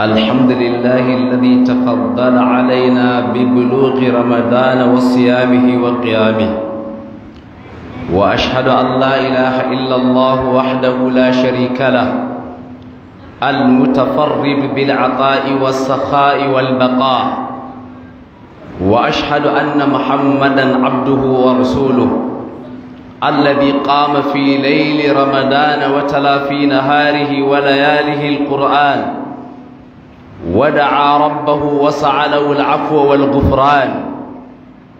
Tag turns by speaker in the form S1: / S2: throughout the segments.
S1: الحمد لله الذي تفضل علينا ببلوغ رمضان وصيامه وقيامه وأشهد أن لا إله إلا الله وحده لا شريك له المتفرد بالعطاء والسخاء والبقاء وأشهد أن محمدا عبده ورسوله الذي قام في ليل رمضان وتلا في نهاره ولياله القرآن ودعا ربه وسعى له العفو والغفران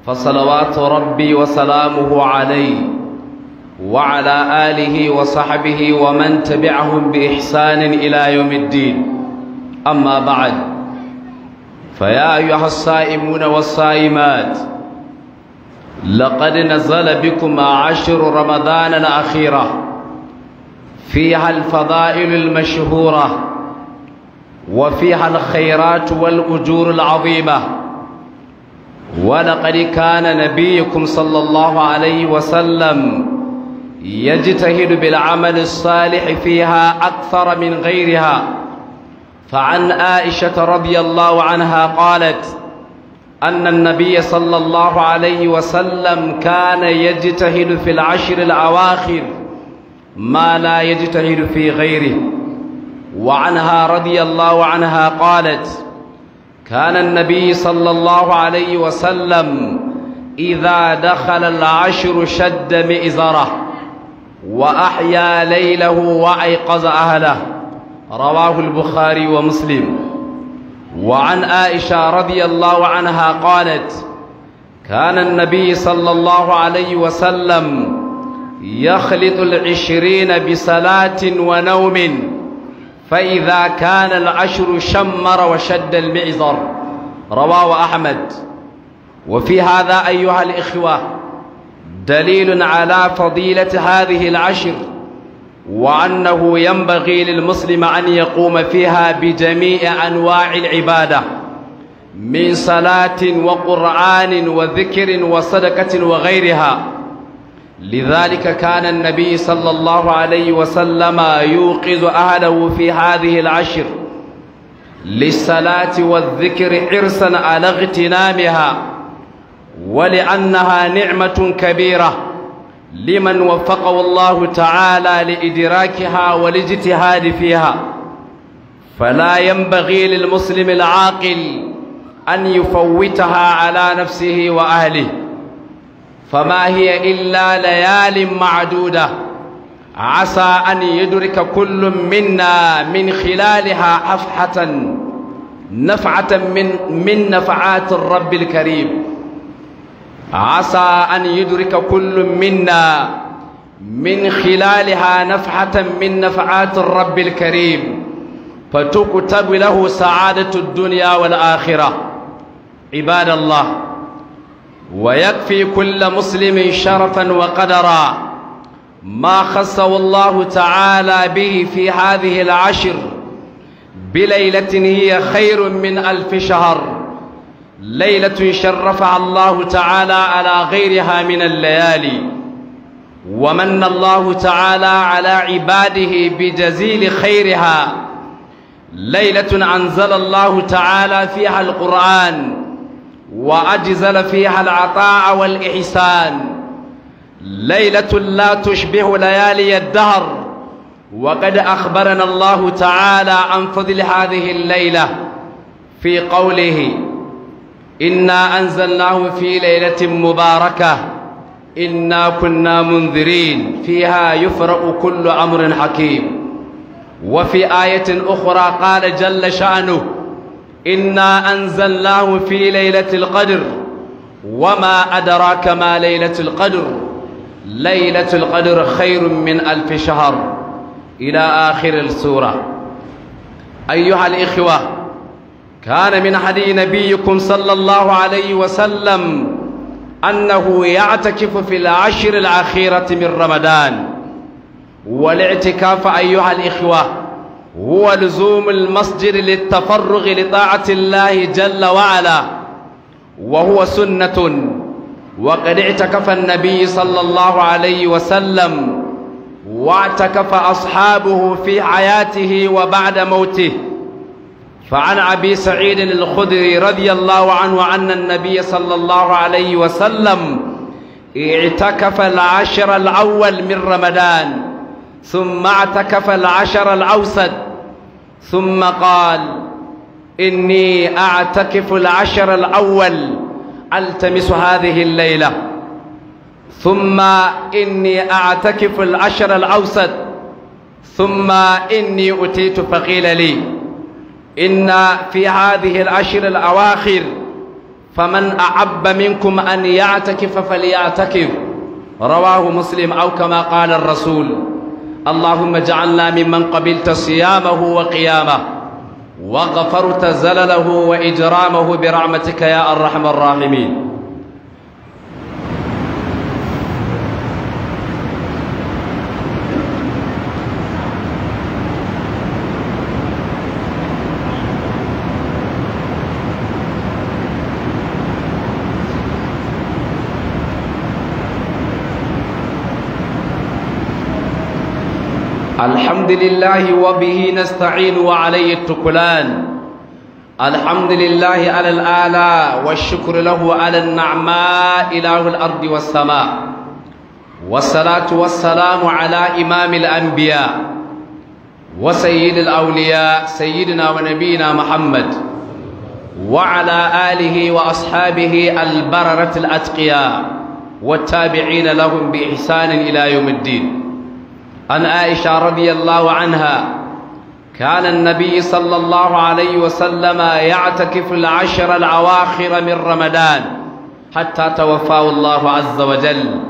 S1: فصلوات ربي وسلامه عليه وعلى آله وصحبه ومن تبعهم بإحسان إلى يوم الدين أما بعد فيا أيها الصائمون والصائمات لقد نزل بكم عشر رمضان الأخيرة فيها الفضائل المشهوره وفيها الخيرات والأجور العظيمة ولقد كان نبيكم صلى الله عليه وسلم يجتهد بالعمل الصالح فيها أكثر من غيرها فعن عائشة رضي الله عنها قالت أن النبي صلى الله عليه وسلم كان يجتهد في العشر الأواخر ما لا يجتهد في غيره وعنها رضي الله عنها قالت كان النبي صلى الله عليه وسلم إذا دخل العشر شد مئزره وأحيا ليله وأيقظ أهله رواه البخاري ومسلم وعن آئشة رضي الله عنها قالت كان النبي صلى الله عليه وسلم يخلط العشرين بصلاة ونوم فإذا كان العشر شمر وشد المعزر رواه أحمد وفي هذا أيها الإخوة دليل على فضيلة هذه العشر وأنه ينبغي للمسلم أن يقوم فيها بجميع أنواع العبادة من صلاة وقرآن وذكر وصدقة وغيرها لذلك كان النبي صلى الله عليه وسلم يوقظ أهله في هذه العشر للصلاة والذكر حرصا على اغتنامها ولأنها نعمة كبيرة لمن وفقه الله تعالى لإدراكها والاجتهاد فيها فلا ينبغي للمسلم العاقل أن يفوتها على نفسه وأهله فما هي إلا ليال معدودة عسى أن يدرك كل منا من خلالها أفحة نفعة من, من نفعات الرب الكريم عسى أن يدرك كل منا من خلالها نفعة من نفعات الرب الكريم فتكتب له سعادة الدنيا والآخرة عباد الله ويكفي كل مسلم شرفا وقدرا ما خصه الله تعالى به في هذه العشر بليلة هي خير من ألف شهر ليلة شرفها الله تعالى على غيرها من الليالي ومن الله تعالى على عباده بجزيل خيرها ليلة أنزل الله تعالى فيها القرآن وأجزل فيها العطاء والإحسان ليلة لا تشبه ليالي الدهر وقد أخبرنا الله تعالى عن فضل هذه الليلة في قوله إنا أنزلناه في ليلة مباركة إنا كنا منذرين فيها يفرأ كل أمر حكيم وفي آية أخرى قال جل شأنه إنا أنزلناه في ليلة القدر وما أدراك ما ليلة القدر ليلة القدر خير من ألف شهر إلى آخر السورة أيها الإخوة كان من حدي نبيكم صلى الله عليه وسلم أنه يعتكف في العشر الأخيرة من رمضان والاعتكاف أيها الإخوة هو لزوم المسجد للتفرغ لطاعة الله جل وعلا وهو سنة وقد اعتكف النبي صلى الله عليه وسلم واعتكف أصحابه في حياته وبعد موته فعن أبي سعيد الخدري رضي الله عنه أن النبي صلى الله عليه وسلم اعتكف العشر الأول من رمضان ثم اعتكف العشر الأوسط ثم قال إني أعتكف العشر الأول ألتمس هذه الليلة ثم إني أعتكف العشر الأوسط ثم إني أتيت فقيل لي إن في هذه العشر الأواخر فمن أعب منكم أن يعتكف فليعتكف رواه مسلم أو كما قال الرسول اللهم اجعلنا ممن قبلت صيامه وقيامه وغفرت زلله وإجرامه برحمتك يا أرحم الراحمين الحمد لله وبه نستعين وعليه التكلان الحمد لله على الآلاء والشكر له على النعماء إله الأرض والسماء والصلاة والسلام على إمام الأنبياء وسيد الأولياء سيدنا ونبينا محمد وعلى آله وأصحابه البررة الأتقياء والتابعين لهم بإحسان إلى يوم الدين عن عائشة رضي الله عنها كان النبي صلى الله عليه وسلم يعتكف العشر الأواخر من رمضان حتى توفاه الله عز وجل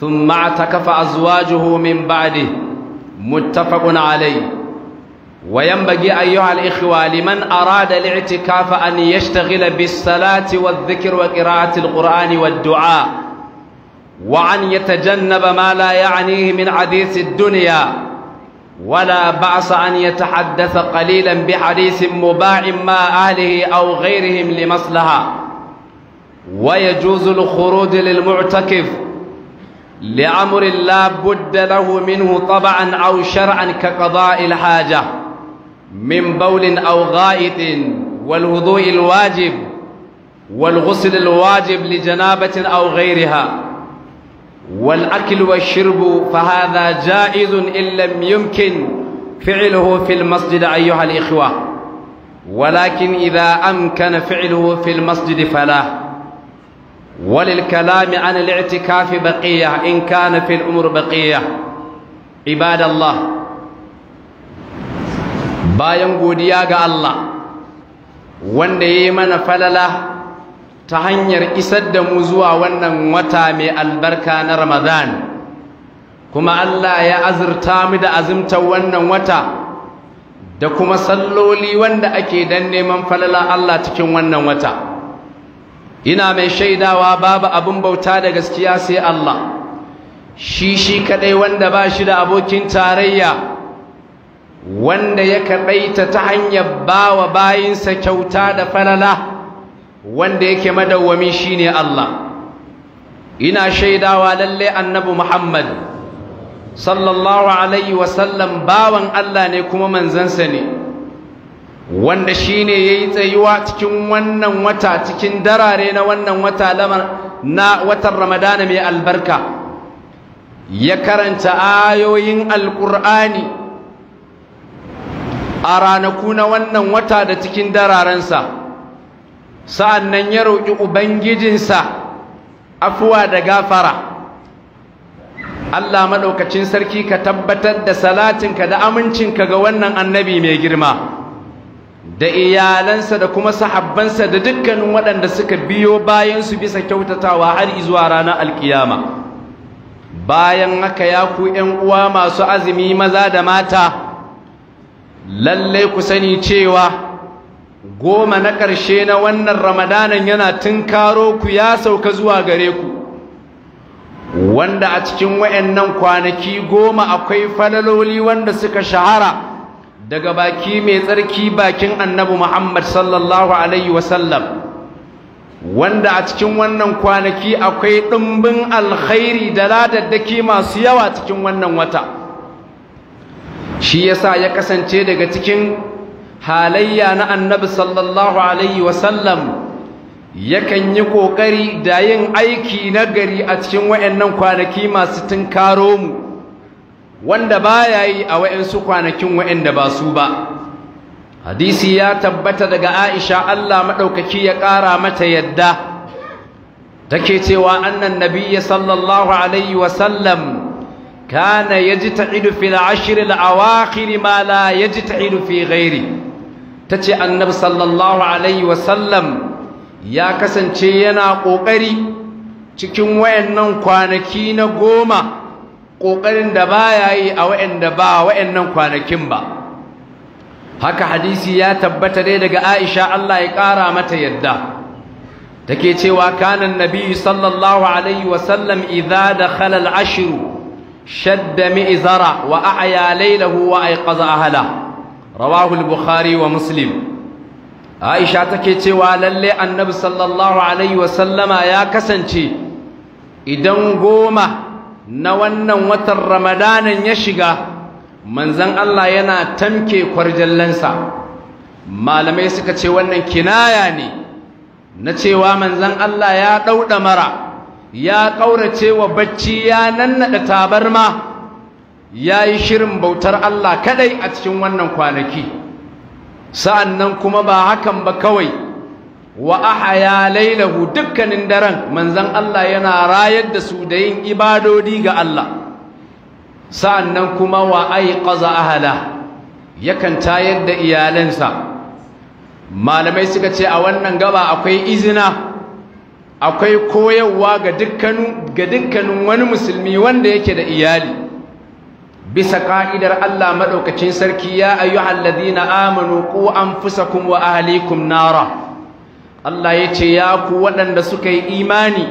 S1: ثم اعتكف أزواجه من بعده متفق عليه وينبغي أيها الإخوة لمن أراد الاعتكاف أن يشتغل بالصلاة والذكر وقراءة القرآن والدعاء وأن يتجنب ما لا يعنيه من حديث الدنيا ولا بأس أن يتحدث قليلا بحديث مباع ما أهله أو غيرهم لمصلحة ويجوز الخروج للمعتكف لأمر لا بد له منه طبعا أو شرعا كقضاء الحاجة من بول أو غائط والوضوء الواجب والغسل الواجب لجنابة أو غيرها والأكل والشرب فهذا جائز إن لم يمكن فعله في المسجد أيها الإخوة ولكن إذا أمكن فعله في المسجد فلا وللكلام عن الاعتكاف بقية إن كان في الأمر بقية عباد الله با godiya ga الله وان ya فلله ta hanyar isar da mu zuwa wannan wata mai albarka na Ramadan kuma Allah ya azurta mu da azumtar wannan wata da kuma salloli wanda ake dan neman falala Allah cikin wannan wata ina mai shaidawa babu abin bauta da gaskiya sai Allah shi shi kadai wanda ba shi da abokin tarayya wanda ya kaɗaita ta hanyar bawa bayinsa kyauta da falala wanda yake madawwami shine Allah ina shaidawa lalle annabi Muhammad sallallahu alaihi wasallam bawan Allah ne kuma manzansa ne wanda shine yayi tsayuwa cikin wannan wata cikin darare na wannan wata lamar na watan Ramadana mai albarka ya karanta ayoyin alqur'ani a ranaku na wannan wata da cikin dararensa sa'an nan ya roƙi ubangijinsa afuwa da gafara Allah maɗaukacin sarki ka tabbatar da salatinka da amincinka ga wannan annabi mai girma da iyalansa da kuma sahabbansa da dukkanin waɗanda suka biyo bayansu bisa kyautatawa har zuwa ranar alkiyama bayan haka ya ku ‘yan uwa masu azumi maza da mata lallai ku sani cewa goma na ƙarshe na wannan ramadanan yana tunkaro ku ya sauka zuwa gare ku wanda a cikin wa'annan kwanaki goma akwai falaloli wanda suka shahara daga baki mai tsarki bakin annabi Muhammad sallallahu alaihi wasallam wanda a cikin wannan kwanaki akwai ɗumbin alkhairi da ladaddaki masu yawa cikin wannan wata shi yasa ya kasance daga cikin halayya na annabi sallallahu alaihi wasallam yakan yi ƙoƙari da yin aiki na gari a cikin wayannan kwanaki masu tunkaro mu wanda baya yi a wa'ansu kwanakin wa'anda ba su ba hadisi ya tabbata daga Aisha Allah madaukaki ya ƙara mata yadda take cewa annan nabiyyi sallallahu alaihi wasallam kana yajta'idu fil ashr al awakhir ma la yajta'idu fi ghairi ta ce annabi sallallahu alaihi wasallam ya kasance yana ƙoƙari cikin wayannan kwanaki na goma ƙoƙarin da ba ya yi a wayanda ba wayannan kwanakin ba haka hadisi ya tabbata dai daga aisha Allah ya ƙara mata yadda take cewa kanan nabi sallallahu alaihi wasallam idza dakhala al-ashr shadda mi'zara wa a'ya laylahu wa ayqaza ahlahu rawahul bukhari wa muslim aisha take cewa lalle annabi sallallahu alaihi wasallama ya kasance idan goma na wannan watan ramadanan ya shiga manzan Allah yana tamke kwarjallansa malamai suka ce wannan kinaya ne na cewa manzan Allah ya ɗauɗa mara ya ƙaurace wa bacci ya nannaɗa tabarma ya yi shirin bautar Allah kadai a cikin wannan kwanaki sa'annan kuma ba hakan ba kawai wa ya lailahu dukkanin daren manzan Allah yana rayar da su da yin ibadodi ga Allah sa'annan kuma wa hala ahala yakan tayar da iyalinsa. malamai suka ce a wannan gaba akwai izina akwai koyarwa ga dukkanin wani musulmi wanda yake da iyali bisa ka'idar Allah maɗaukacin sarki ya ayyuhal ladina amanu qu anfusakum wa ahlikum nara Allah ya ce ya ku waɗanda suka yi imani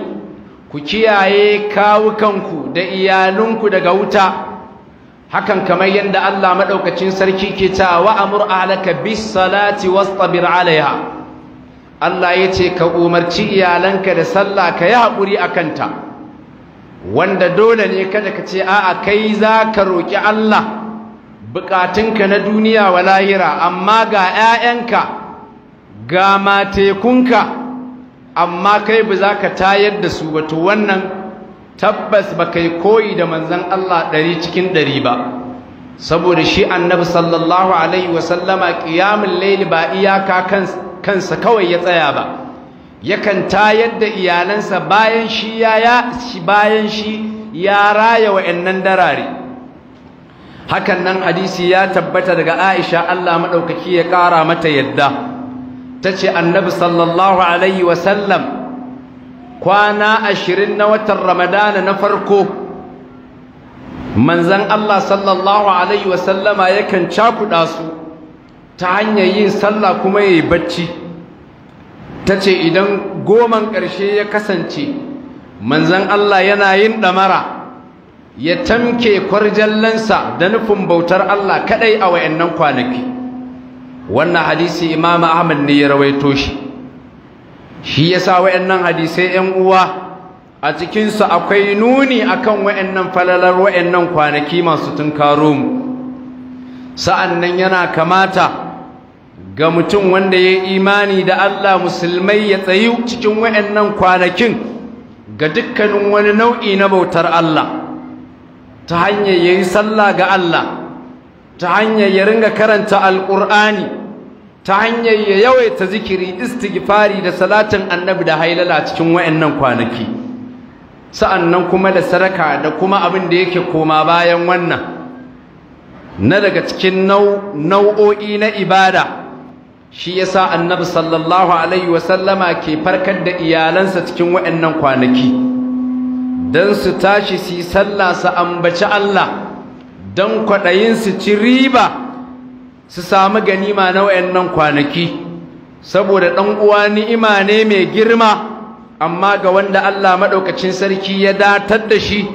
S1: ku kiyaye kawukanku da iyalunku daga wuta hakan kamar yadda Allah maɗaukacin sarki ke ta wa amur ahlaka bis salati wastabir alaiha Allah ya ce ka umarci iyalanka da sallah ka yi haƙuri a kanta wanda dole ne kada ka ce a'a kai za ka roƙi Allah buƙatunka na duniya wa lahira amma ga 'ya'yanka ga matekunka amma kai ba za ka tayar da su wato wannan tabbas ba kai koyi da manzan Allah ɗari cikin ɗari ba saboda shi annabi sallallahu alaihi wasallama ƙiyamun laili ba iyaka kansa kawai ya tsaya ba yakan tayar da iyalansa bayan shi ya bayan shi ya raya wa'annan darare hakan nan hadisi ya tabbata daga Aisha Allah madaukaki ya kara mata yadda tace annabi sallallahu alaihi wasallam kwana 20 na watan ramadana na farko manzon Allah sallallahu alaihi wasallama yakan cakuda su ta hanyar yin sallah kuma yayi bacci ta ce idan goman ƙarshe ya kasance manzan Allah yana yin ɗamara ya tamke kwarjallansa da nufin bautar Allah kaɗai a nan kwanaki wannan hadisi imam ahmad ne ya rawaito shi shi ya yasa nan hadisai 'yan uwa a cikinsu akwai nuni akan wa'annan falalar wa'annan kwanaki masu tunkaro mu nan yana kamata ga mutum wanda ya imani da Allah musulmai ya tsayi cikin nan kwanakin ga dukkanin wani nau'i na bautar Allah ta hanyar ya yi sallah ga Allah ta hanyar ya ringa karanta alƙur'ani ta hanyar ya yawaita zikiri istighfari da salatin annabi da hailala cikin nan kwanaki sa'annan kuma da sadaka da kuma abin da yake koma bayan wannan na daga cikin nau'o'i na ibada shi yasa annabi sallallahu alaihi wasallama ke farkar da iyalansa cikin waɗannan kwanaki don su tashi su yi sallah su ambaci Allah don kwaɗayin su ci riba su samu ganima na waɗannan kwanaki saboda ɗan uwa ni'ima ne mai girma amma ga wanda Allah maɗaukacin sarki ya datar da shi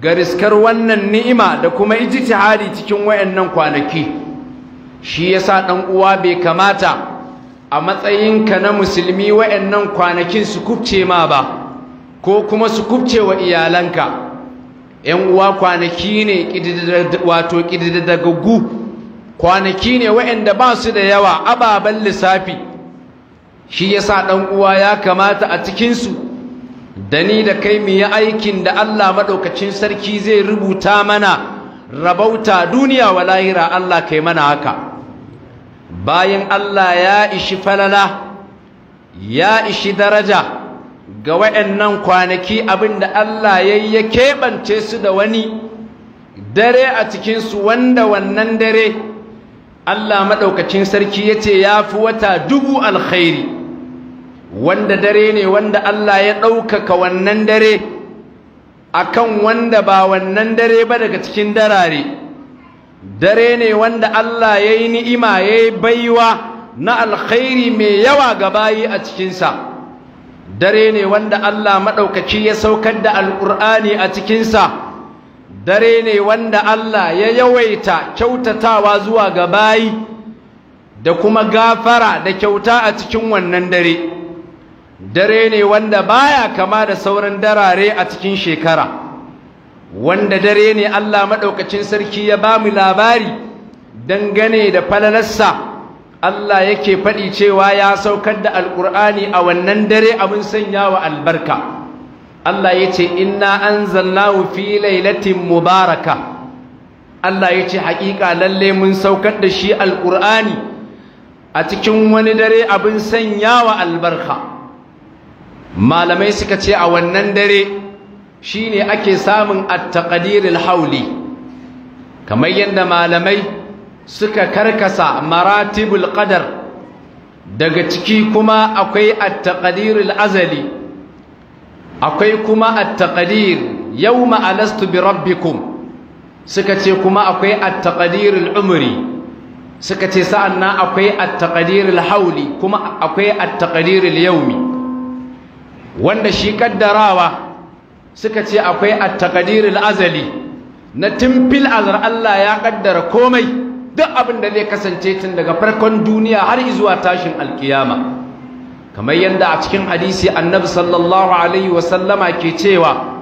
S1: ga riskar wannan ni'ima da kuma ijtihadi cikin waɗannan kwanaki shi yasa dan uwa bai kamata a matsayinka na musulmi wayannan kwanakin su kubce ma ba ko kuma su kubce wa iyalanka yan uwa kwanaki ne wato kididagaggu kwanaki ne wayanda ba su da yawa ababen lissafi shi yasa dan uwa ya kamata a cikinsu. da ni da kai mu yi aikin da Allah maɗaukacin sarki zai rubuta mana rabauta duniya wa lahira Allah kai mana haka bayan Allah ya ishi falala ya ishi daraja ga nan kwanaki abinda Allah ya ya keɓance su da wani dare a cikinsu wanda wannan dare Allah maɗaukacin sarki ya ce ya fi wata dubu alkhairi wanda dare ne wanda Allah ya ɗaukaka wannan dare akan wanda ba wannan dare ba daga cikin darare dare ne wanda Allah ya yi ni'ima ya yi baiwa na alkhairi mai yawa ga bayi a cikinsa dare ne wanda Allah maɗaukaci ya saukar da alƙur'ani a cikinsa dare ne wanda Allah ya yawaita kyautatawa zuwa ga bayi da kuma gafara da kyauta a cikin wannan dare dare ne wanda baya kama da sauran darare a cikin shekara wanda dare ne Allah maɗaukacin sarki ya ba mu labari dangane da falalarsa Allah yake faɗi cewa ya saukar da alƙur'ani a wannan dare abin sanya wa albarka Allah yace ce inna anzalnahu fi lailatin mubaraka Allah yace ce haƙiƙa lalle mun saukar da shi alƙur'ani a cikin wani dare abin sanya wa albarka malamai suka ce a wannan dare shine ake samun at-taqdiril hauli kamar yadda malamai suka karkasa maratibul qadar daga ciki kuma akwai at-taqdiril azali akwai kuma at-taqdir yawma alastu bi rabbikum suka ce kuma akwai at-taqdiril umri suka ce sa'annan akwai at-taqdiril hauli kuma akwai at-taqdiril yawmi wanda shi kaddarawa suka ce akwai at-taqdirul azali na timfil azar Allah ya kaddara komai duk abin da zai kasance tun daga farkon duniya har zuwa tashin alkiyama kamar yadda a cikin hadisi annabi sallallahu alaihi sallama ke cewa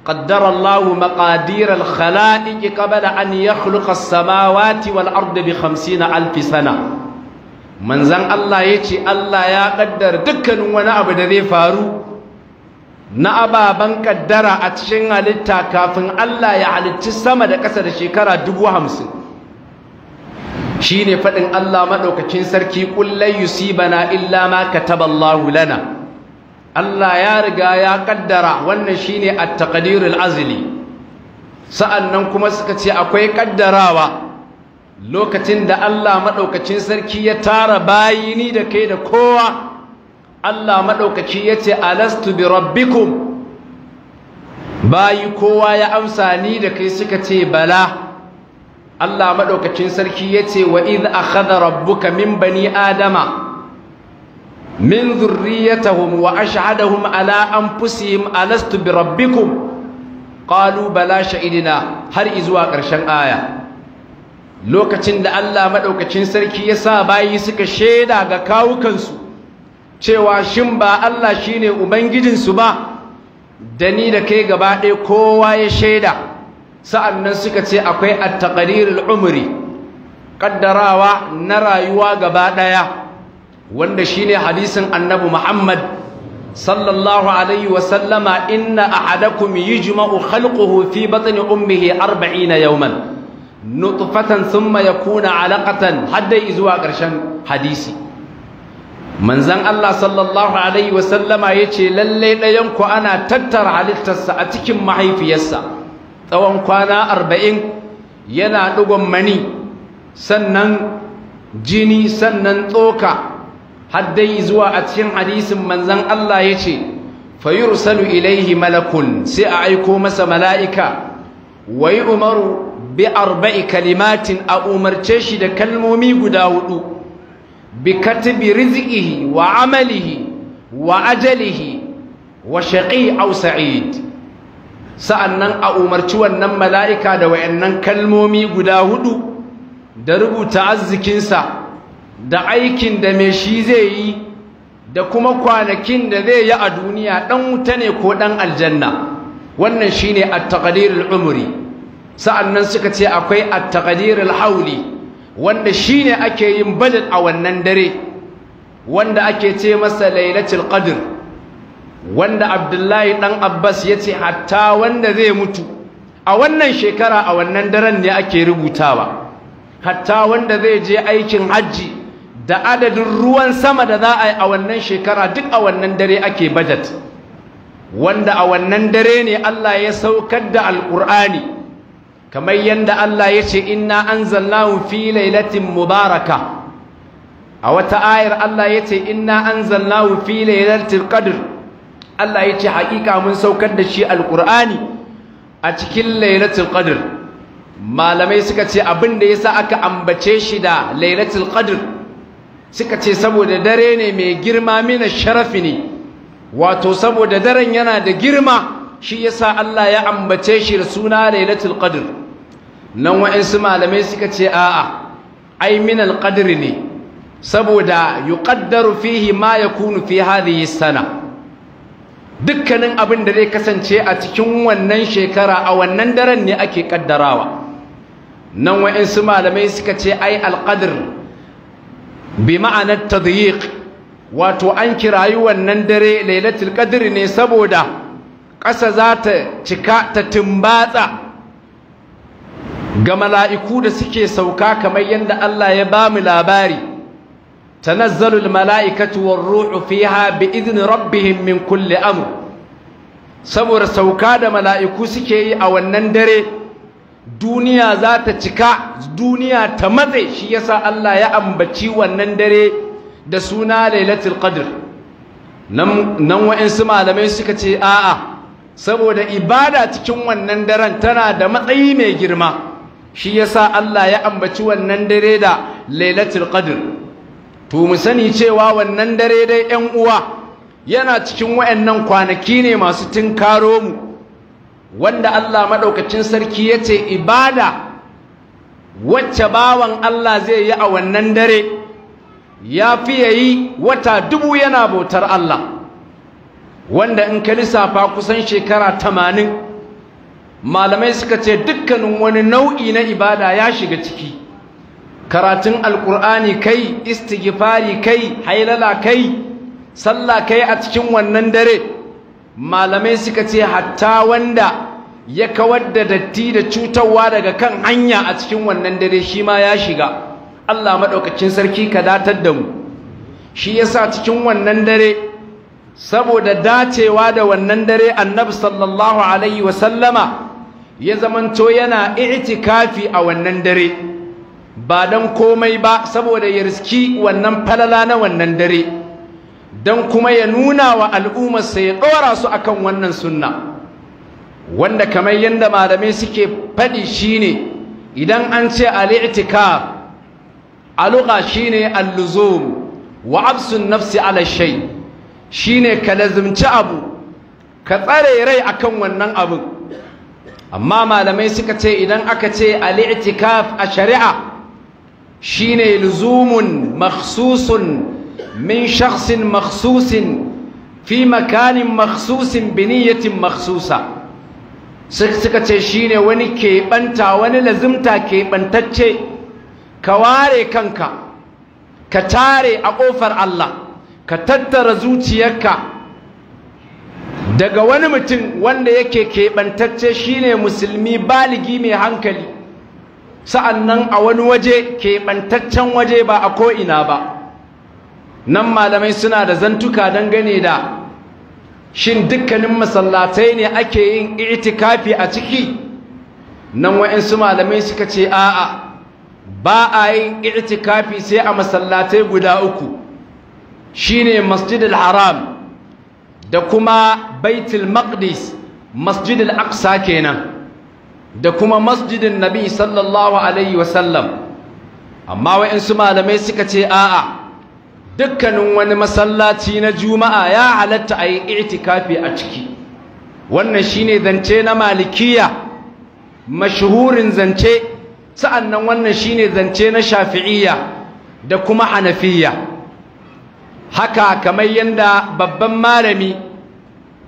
S1: قدر الله مقادير الخلائق قبل أن يخلق السماوات والأرض بخمسين ألف سنة من زن الله يتي الله يا قدر دكن وانا أبدا ذي فارو na ababen kaddara a cikin halitta kafin Allah ya halicci sama da ƙasa da shekara dubu hamsin shi ne faɗin Allah maɗaukacin sarki ƙullai yusibana illa ma kataballahu lana Allah ya riga ya kaddara wannan shi ne a taƙadirul azili sa'annan kuma suka ce akwai kaddarawa lokacin da Allah maɗaukacin sarki ya tara bayini da kai da kowa Allah maɗaukaci ya ce alastu bi rabbikum bayi kowa ya amsa ni da kai suka ce bala Allah maɗaukacin sarki ya ce wa idh akhadha rabbuka min bani adama Min من ذريتهم ala على alastu bi rabbikum قالوا bala sha'idina har zuwa ƙarshen aya. lokacin da Allah maɗaukacin sarki ya sa bayi suka shaida ga kawukansu cewa shin ba Allah shine ubangijinsu ba da ni da kai gaba ɗaya kowa ya shaida sa'annan suka ce akwai at-taqrirul umri ƙaddarawa na rayuwa gaba ɗaya wanda shine hadisin annabi Muhammad sallallahu alaihi wa sallama inna ahadakum juma'u khalquhu fi batsani ummihi 40 yawman nutfatan thumma yakuna alaqatan hadda zuwa ƙarshen hadisi manzan Allah sallallahu alaihi wasallama ya ce lallai ɗayanku ana tattara halittarsa a cikin mahaifiyarsa tsawon kwana arba'in yana ɗigon mani sannan jini sannan tsoka dai zuwa a cikin hadisin manzan Allah yace ce fayursalu ilaihi malakun sai a aiko masa mala'ika wai umaru bi arba'i kalimatin a umarce shi da kalmomi guda hudu bi katibi rizqihi wa amalihi wa ajalihi wa sa'annan a umarci wannan mala'ika da wayannan kalmomi guda hudu da rubuta arzikinsa da aikin da me shi zai yi da kuma kwanakin da zai yi a duniya dan wuta ne ko dan aljanna wannan shine at-taqdirul umri sa'annan suka ce akwai at-taqdirul wanda shine ake yin badal a wannan dare wanda ake ce masa lailatul qadr wanda abdullahi dan abbas yace hatta wanda zai mutu a wannan shekara a wannan daren ne ake rubutawa hatta wanda zai je aikin hajji da adadin ruwan sama da za a yi a wannan shekara duk a wannan dare ake budget wanda a wannan dare ne Allah ya saukar da alqur'ani kamar yadda Allah ya ce inna anzalnahu fi lailatin mubaraka a wata ayar Allah ya ce inna anzalnahu fi lailatin qadr Allah ya ce haƙiƙa mun saukar da shi Alƙur'ani a cikin lailatin qadr malamai suka ce abin da yasa aka ambace shi da lailatin qadr suka ce saboda dare ne mai girma mina sharafi ne wato saboda daren yana da girma shi yasa Allah ya ambace shi da suna lailatul qadr nan wa'insu malamai suka ce a'a ai min alqadri ne saboda yuqaddaru fihi ma yakunu fi hadhihi sana dukkanin abin da zai kasance a cikin wannan shekara a wannan daren ne ake kaddarawa nan wa'insu malamai suka ce ai alqadr bi ma'anar tadyiq wato an kirayi wannan dare lailatul qadr ne saboda ƙasa za ta cika ta tumbatsa ga mala'iku da suke sauka kamar yadda Allah ya ba mu labari tanazzalul mala'ikatu war ruhu fiha bi idni rabbihim min kulli amr saboda sauka da mala'iku suke yi a wannan dare duniya za ta cika duniya ta matse shi yasa Allah ya ambaci wannan dare da suna lailatul qadr nan nan wa'ansu malamai suka ce a'a saboda ibada cikin wannan daren tana da matsayi mai girma shi yasa Allah ya ambaci wannan dare da lailatul qadr to mu sani cewa wannan dare dai 'yan uwa yana cikin wayannan kwanaki ne masu tinkaro mu wanda Allah madaukakin sarki yace ibada wacce bawan Allah zai yi a wannan dare ya fi yayi wata dubu yana bautar Allah wanda in ka lissafa kusan shekara tamanin. malamai suka ce dukkanin wani nau'i na ibada ya shiga ciki karatun alkur'ani kai istighfari kai hailala kai sallah kai a cikin wannan dare malamai suka ce hatta wanda ya kawar da datti da cutarwa daga kan hanya a cikin wannan dare shi ma ya shiga Allah maɗaukacin sarki ka datar da mu shi ya sa cikin wannan dare saboda dacewa da wannan dare annabi sallallahu alaihi wasallama ya zamanto yana i'tikafi a wannan dare ba dan komai ba saboda ya riski wannan falala na wannan dare dan kuma ya nuna wa al'ummarsa ya ɗora su akan wannan sunna wanda kamar yanda malamai suke faɗi shine idan an ce al'itikaf a lugha shine al-luzum wa absun nafsi ala shay shine ka lazimci abu ka tsare rai akan wannan abu. amma malamai suka ce idan aka ce al'i'tikaf a shari'a shine luzumun makhsusun min shakhsin makhsusin fi makanin makhsusin biniyatin makhsusa suka ce shine wani keɓanta wani lazimta keɓantacce ka ware kanka ka tare a ƙofar Allah ka tattara zuciyarka daga wani mutum wanda yake keɓantacce shine musulmi baligi mai hankali sa'annan a wani waje keɓantaccen waje ba a ko'ina ba nan malamai suna da zantuka dangane da shin dukkanin masallatai ne ake yin itikafi a ciki nan wa'insu malamai suka ce a'a ba a yin itikafi sai a masallatai guda uku shine masjidil haram da kuma baitul maqdis masjid al-aqsa kenan da kuma masjidin nabi sallallahu alaihi wasallam amma waɗansu malamai suka ce a'a dukkanin wani masallaci na juma'a ya halatta a yi itikafi a ciki wannan shine zance na malikiya mashhurin zance sa'annan wannan shine zance na shafi'iyya da kuma hanafiyya haka kamar yadda babban malami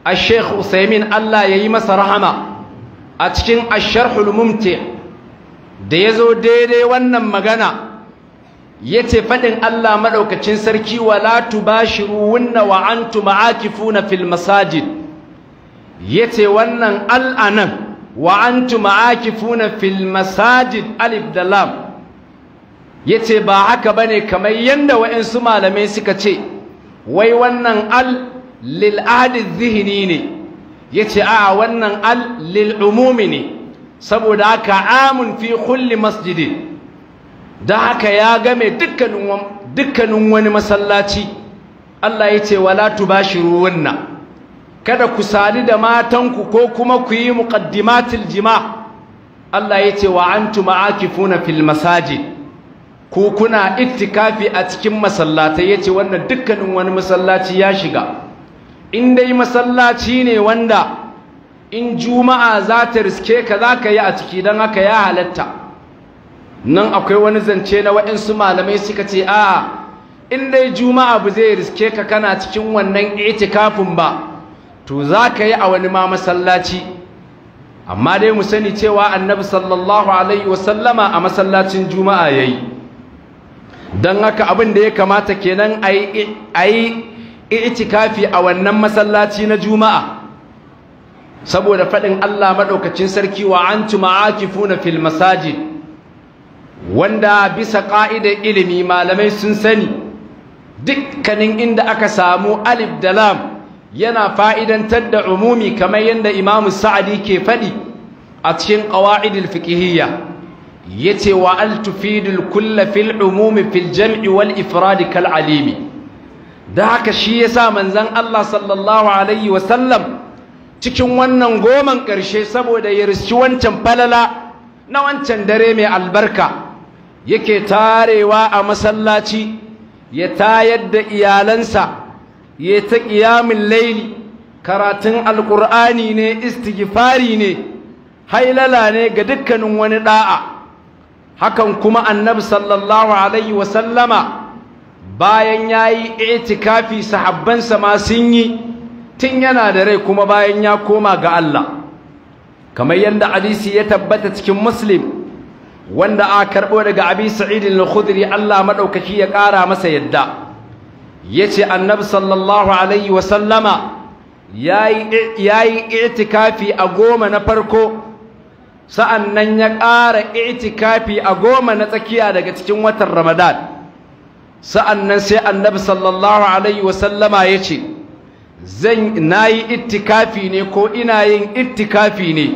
S1: a sheikh usaimin allah ya yi masa rahama a cikin asharhul mumti da ya zo daidai wannan magana ya ce faɗin allah maɗaukacin sarki wala tubashiruwunna wa antum funa fil masajid ya ce wannan al'anan wa antum funa fil masajid alif da lam yace ba haka ba bane kamar yanda wa'ansu malamai suka ce wai wannan al lil ahdi dhihni ne yace a wannan al lil umumi ne saboda haka amun fi kulli masjidi da haka ya game dukkanin wani masallaci Allah yace wala tubashiruwanna kada ku sali da matanku ko kuma ku yi muqaddimatil jima' Allah yace wa antum aakifuna fil masajid ko kuna ittikafi a cikin masallatai yace wannan dukkanin wani masallaci ya shiga in dai masallaci ne wanda in juma'a za ta riske ka za ka yi a ciki don haka ya halatta nan akwai wani zance na waɗansu malamai suka ce a in dai juma'a ba zai riske ka kana cikin wannan itikafin ba to za ka yi a wani ma masallaci amma dai mu sani cewa annabi sallallahu alaihi wasallama a masallacin juma'a ya yi don haka abin da ya kamata kenan a yi itikafi a wannan masallaci na juma'a saboda faɗin Allah maɗaukacin sarki wa an na fil masajid wanda bisa ƙa'idar ilimi malamai sun sani dukkanin inda aka samu alif da lam yana fa'idantar da umumi kamar yadda imamu sa'adi ke faɗi a cikin ƙawa'idil fiƙihiyya yace wa al tufidul kull fil umum fil jam'i wal ifrad kal alimi da haka shi yasa manzon Allah sallallahu alaihi wa sallam cikin wannan goman karshe saboda ya rishi wancan falala na wancan dare mai albarka yake tarewa a masallaci ya tayar da iyalansa ya ta ƙiyamin laili karatun alƙur'ani ne istighfari ne hailala ne ga dukkanin wani ɗa'a hakan kuma annabi sallallahu alaihi wasallama bayan ya yi itikafi sahabbansa ma sun yi tun yana da rai kuma bayan ya koma ga Allah kamar yadda hadisi ya tabbata cikin muslim wanda a karɓo daga abi sa'id al-khudri Allah madaukaki ya ƙara masa yadda yace annabi sallallahu alaihi wasallama yayi itikafi a goma na farko sa'an nan ya ƙara itikafi a goma na tsakiya daga cikin watan ramadan sa'an nan sai annabi sallallahu alaihi wasallama ya ce zan na yi itikafi ne ko ina yin itikafi ne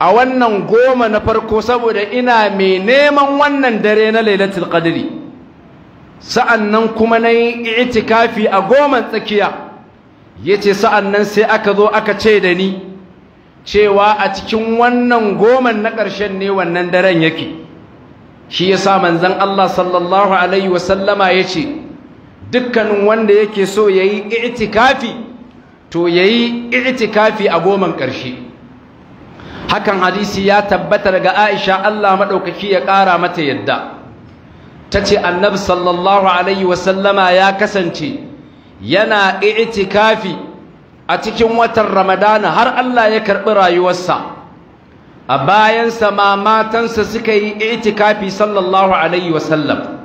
S1: a wannan goma na farko saboda ina mai neman wannan dare na lailatul qadri sa'an nan kuma na yi itikafi a goma tsakiya ya ce sa'an nan sai aka zo aka ce da ni cewa a cikin wannan goman na ƙarshen ne wannan daren yake shi yasa manzon Allah sallallahu alaihi wasallama yace dukkanin wanda yake so yayi i'tikafi to yayi i'tikafi a goman ƙarshe hakan hadisi ya tabbata daga Aisha Allah madaukaki ya ƙara mata yadda tace annabi sallallahu alaihi wasallama ya kasance yana i'tikafi a cikin watan ramadana har Allah ya karɓi rayuwarsa a bayansa ma matansa suka yi itikafi sallallahu alaihi wasallam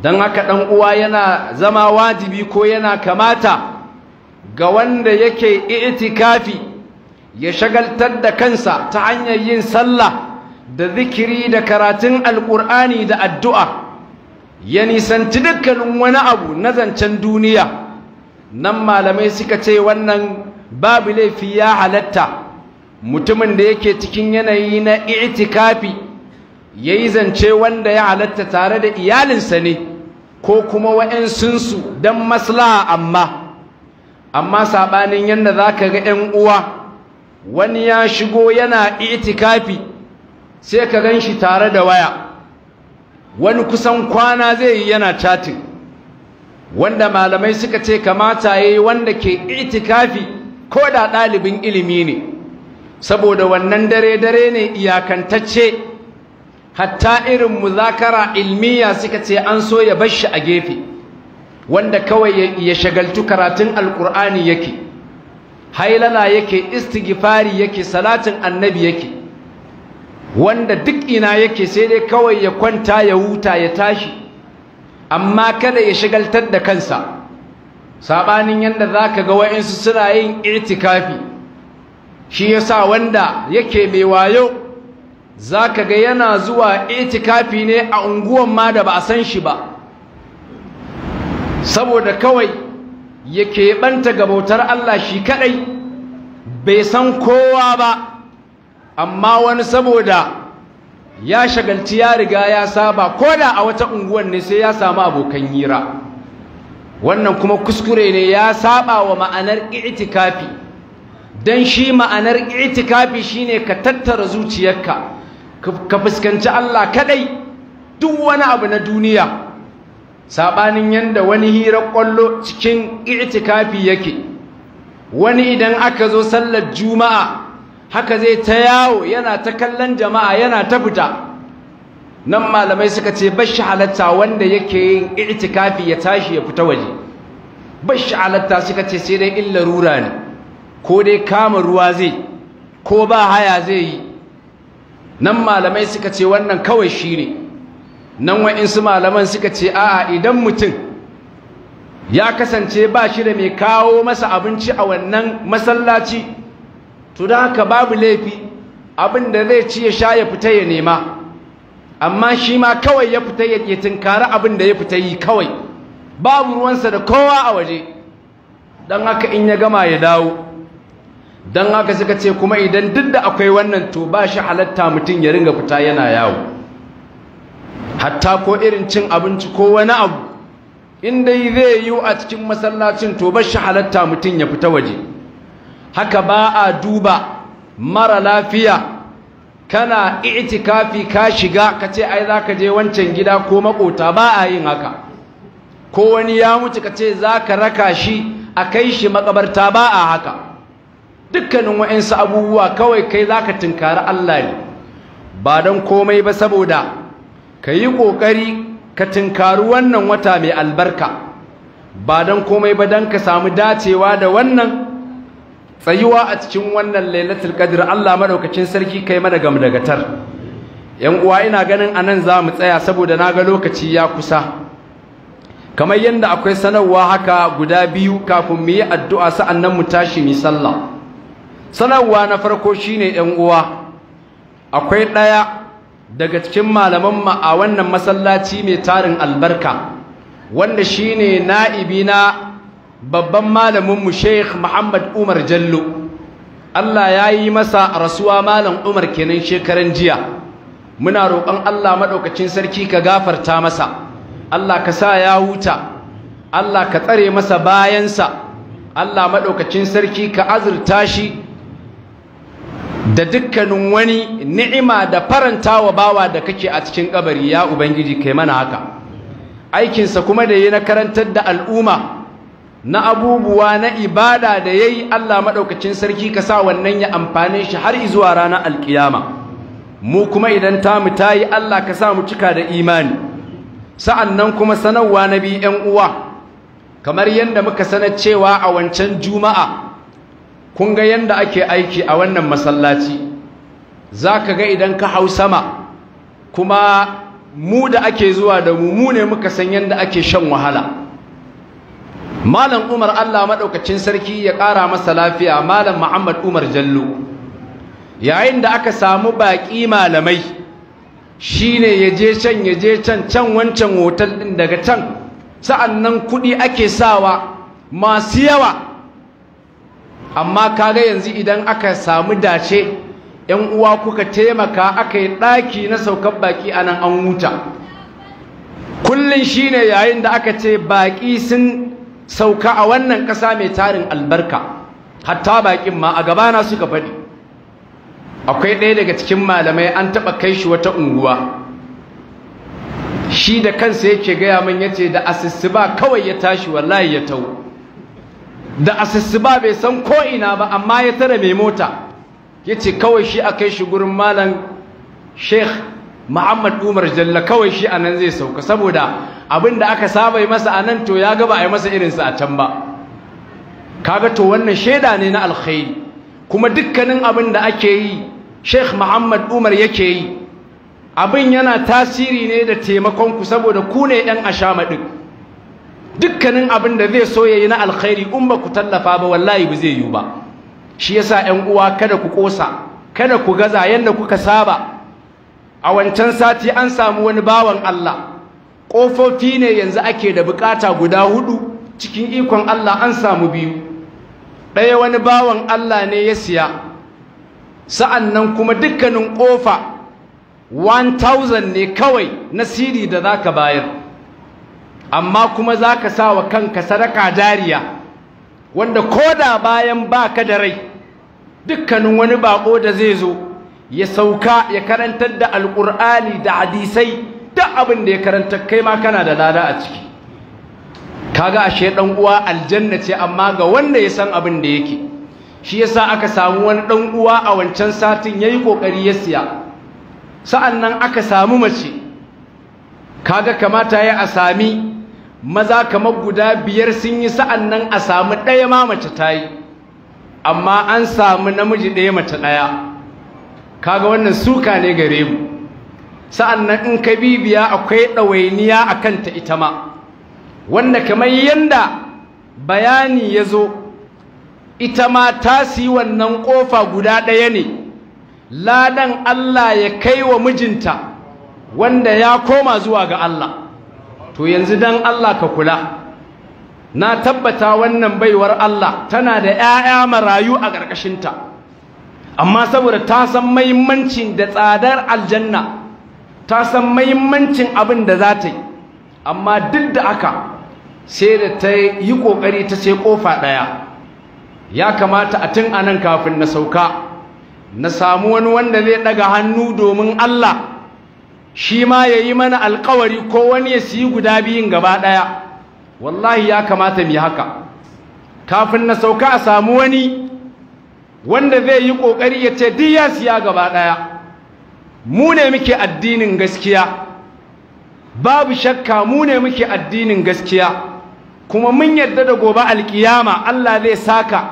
S1: don haka ɗan uwa yana zama wajibi ko yana kamata ga wanda yake itikafi ya shagaltar da kansa ta hanyar yin sallah da zikiri da karatun alƙur'ani da addu'a ya nisanci dukkanin wani abu na zancen duniya nan malamai suka ce wannan babu laifi ya halatta mutumin da yake cikin yanayi na itikafi yi zance wanda ya halatta tare da iyalinsa ne ko kuma wa'ansunsu don maslaha amma amma saɓanin yadda za ka ga 'yan uwa wani ya shigo yana itikafi sai ka gan shi tare da waya wani kusan kwana zai yi yana chatting wanda malamai suka ce kamata ya yi wanda ke itikafi ko da ɗalibin ilimi ne saboda wannan dare dare ne iyakantacce hatta irin muzakara ilmiya suka ce an so ya bar shi a gefe wanda kawai ya shagaltu karatun alkur'ani yake hailana yake istighfari yake salatin annabi yake wanda duk ina yake sai dai kawai ya kwanta ya huta ya tashi amma kada ya shigaltar da kansa sabanin yanda ka ga wa'insu suna yin itikafi shi ya sa wanda yake mai wayo ka ga yana zuwa itikafi ne a unguwan ma da ba a san shi ba saboda kawai ya keɓanta ga bautar Allah shi kaɗai bai san kowa ba amma wani saboda ya shagalci ya riga ya saba ko da a wata unguwan ne sai ya samu abokan hira wannan kuma kuskure ne ya saba wa ma'anar itikafi dan shi ma'anar itikafi shine ka tattara zuciyarka ka fuskanci Allah kadai duk wani abu na duniya sabanin yanda wani hira kwallo cikin itikafi yake wani idan aka zo sallar juma'a haka zai ta yawo yana ta kallon jama'a yana ta fita nan malamai suka ce bashi halatta wanda yake yin itikafi ya tashi ya fita waje bashi halatta suka ce sai dai illa rura ne ko dai kama ruwa zai ko ba haya zai yi nan malamai suka ce wannan kawai shi ne nan wa'insu malaman suka ce a'a idan mutum ya kasance ba shi da mai kawo masa abinci a wannan masallaci to da haka babu laifi abin da zai ci ya sha ya fita ya nema amma shi ma kawai ya fita ya tinkari abin da ya fita yi kawai babu ruwansa da kowa a waje don haka in ya gama ya dawo don haka suka ce kuma idan duk da akwai wannan to ba shi halatta mutum ya ringa fita yana yawo hatta ko irin cin abinci ko wani abu in dai zai yiwu a cikin masallacin to ba shi halatta mutum ya fita waje haka ba a duba mara lafiya kana itikafi ka shiga ka ce ai za ka je wancan gida ko makota ba a yin haka ko wani ya mutu ka ce za ka raka shi a kai shi makabarta ba a haka dukkanin wa'insu abubuwa kawai kai za ka tunkari Allah ne ba don komai ba saboda ka yi ƙoƙari ka tunkari wannan wata mai albarka ba don komai ba don ka samu dacewa da wannan tsayuwa a cikin wannan lailatul qadr Allah madaukakin sarki kai mana gamdagatar yan uwa ina ganin anan za mu tsaya saboda naga lokaci ya kusa kamar yanda akwai sanarwa haka guda biyu kafin mu yi addu'a sa'annan mu tashi mu sallah sanarwa na farko shine yan uwa akwai daya daga cikin malaman mu a wannan masallaci mai tarin albarka wanda shine na'ibina babban malaminmu sheikh muhammad umar jallo allah ya yi masa rasuwa malam umar kenan shekaran jiya muna roƙon allah maɗaukacin sarki ka gafarta masa allah ka sa ya huta allah ka tsare masa bayansa allah maɗaukacin sarki ka azurta shi da dukkanin wani ni'ima da faranta wa bawa da kake a cikin kabari ya ubangiji kai mana haka aikinsa kuma da yi na karantar da al'umma na abubuwa na ibada da ya yi Allah maɗaukacin sarki ka sa wannan ya amfane shi har zuwa ranar alkiyama mu kuma idan tamu tayi Allah ka sa mu cika da imani sa'an nan kuma sanarwa na bi yan uwa kamar yadda muka sanar cewa a wancan juma'a kun ga yadda ake aiki a wannan masallaci Za ka ga idan ka hau sama kuma mu da ake zuwa da mu mu ne muka san yadda ake shan wahala malam umar allah maɗaukacin sarki ya ƙara masa lafiya malam muhammad umar jallo yayin da aka samu baƙi malamai shine yaje can yaje can can wancan hotel ɗin daga can sa'annan kudi kuɗi ake sawa masu yawa amma kaga yanzu idan aka samu dace ‘yan uwa kuka taimaka aka yi ɗaki na saukar baƙi anan an wuta kullum shine yayin da aka ce baƙi sun sauka a wannan ƙasa mai tarin albarka hatta baƙin ma a gabana suka faɗi akwai ɗaya daga cikin malamai an taɓa kai shi wata unguwa shi da kansa yake gaya min yace da asisiba kawai ya tashi wallahi ya tau da asisiba bai san ko ina ba amma ya tare mai mota yace kawai shi a kai shi gurin malam sheikh Muhammad Umar Jalla kawai shi anan zai sauka saboda abin da aka saba yi masa anan to ya gaba ba a yi masa a can ba kaga to wannan shaida ne na alkhairi kuma dukkanin abin da ake yi Sheikh Muhammad Umar yake yi abin yana tasiri ne da taimakon ku saboda ku ne ɗan ashama ɗin dukkanin abin da zai so yayi na alkhairi in ba ku tallafa ba wallahi ba zai yiwu ba shi yasa ƴan uwa kada ku ƙosa kada ku gaza yadda kuka saba a wancan sati an samu wani bawan Allah ƙofofi ne yanzu ake da bukata guda hudu cikin ikon Allah an samu biyu ɗaya wani bawan Allah ne ya siya Sa'annan kuma dukkanin ƙofa 1000 ne kawai na siri da za ka bayar amma kuma za ka sa wa kanka sadaka dariya wanda ko da bayan ba ka da rai dukkanin wani bako da zai zo ya sauka ya karantar da alƙur'ani da hadisai duk abin da ya karanta kai ma kana da lada a ciki kaga ashe dan uwa aljanna ce amma ga wanda ya san abin da yake shi yasa aka samu wani dan uwa a wancan satin yayi kokari ya siya sa'annan aka samu mace kaga kamata ya a sami maza kamar guda biyar sun yi sa'annan a samu ɗaya ma mace ta yi amma an samu namiji ɗaya mace ɗaya kaga wannan suka ne gare mu sa'annan in ka bibiya akwai ɗawainiya a kanta ita ma wanda kamar yanda bayani ya zo ita ma tasi wannan ƙofa guda ɗaya ne ladan Allah ya kai wa mijinta wanda ya koma zuwa ga Allah to yanzu dan Allah ka kula na tabbata wannan baiwar Allah tana da ‘ya'ya marayu a ƙarƙashinta amma saboda ta san mahimmancin da tsadar aljanna ta san mahimmancin abin da za ta yi amma duk da aka sai da ta yi ƙoƙari ta ce ƙofa ɗaya ya kamata a tun anan kafin na sauka na samu wani wanda zai ɗaga hannu domin Allah shi ma ya yi mana alkawari ko wani ya siyi guda biyun gaba ɗaya wallahi ya kamata mu haka kafin na sauka a samu wani wanda zai yi ƙoƙari ya ce duk ya siya gaba ɗaya mu ne muke addinin gaskiya babu shakka mu ne muke addinin gaskiya kuma mun yadda da gobe alkiyama Allah zai saka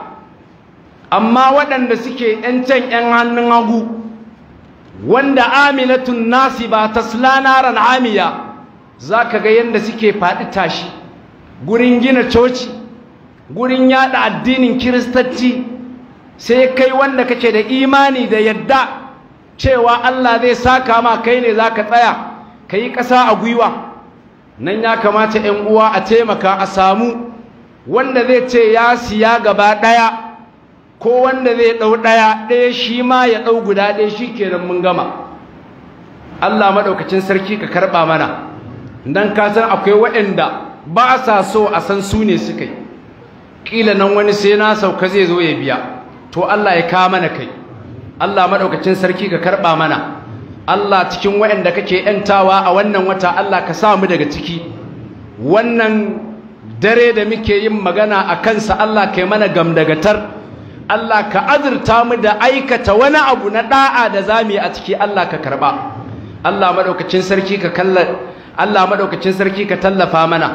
S1: amma waɗanda suke ‘yan can ‘yan hannun hagu wanda aminatun nasi ba ta slanaran amiya za ka ga yadda suke faɗi tashi gurin gina coci gurin yaɗa addinin kiristanci sai kai wanda kake da imani da yadda cewa Allah zai saka ma kai ne za ka tsaya ka yi ƙasa a gwiwa nan ya kamata 'yan uwa a taimaka a samu wanda zai ce ya siya gaba ɗaya ko wanda zai ɗau ɗaya ɗaya shi ma ya ɗau guda ɗaya shi kenan mun gama Allah maɗaukacin sarki ka karba mana dan ka san akwai waɗanda ba sa so a san su ne suka yi ƙila nan wani sai na sauka zai zo ya biya to Allah ya kawo mana kai Allah madaukakin sarki ka karba mana Allah cikin waɗanda kake yantawa a wannan wata Allah ka sa mu daga ciki wannan dare da muke yin magana a kansa Allah kai mana gamdagatar Allah ka azurta mu da aikata wani abu na da'a da zamu yi a ciki Allah ka karba Allah madaukakin sarki ka kalla Allah madaukakin sarki ka tallafa mana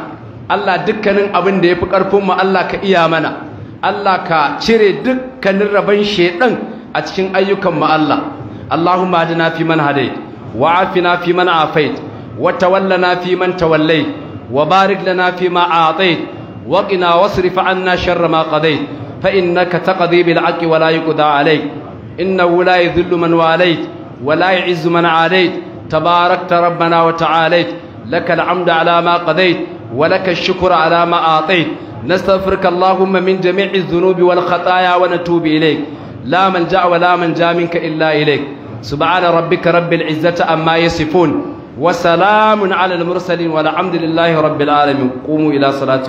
S1: Allah dukkanin abin da yafi karfin mu Allah ka iya mana Allah ka cire dukkanin rabon shedan a cikin ayyukan mu Allah Allahumma adina fi man hadait wa afina fi man afait wa tawallana fi man tawallait wa barik lana fi ma atait wa qina wasrif anna sharra ma qadait fa innaka taqdi bil haqqi wa la yuqda alayk innahu la yadhillu man walait, wa la yu'izzu man alayt tabarakta rabbana wa ta'alayt لك الحمد على ما قضيت ولك الشكر على ما أعطيت نستغفرك اللهم من جميع الذنوب والخطايا ونتوب إليك لا من جاء ولا من جاء منك إلا إليك سبحان ربك رب العزة أما يصفون وسلام على المرسلين والحمد لله رب العالمين قوموا إلى صلاتكم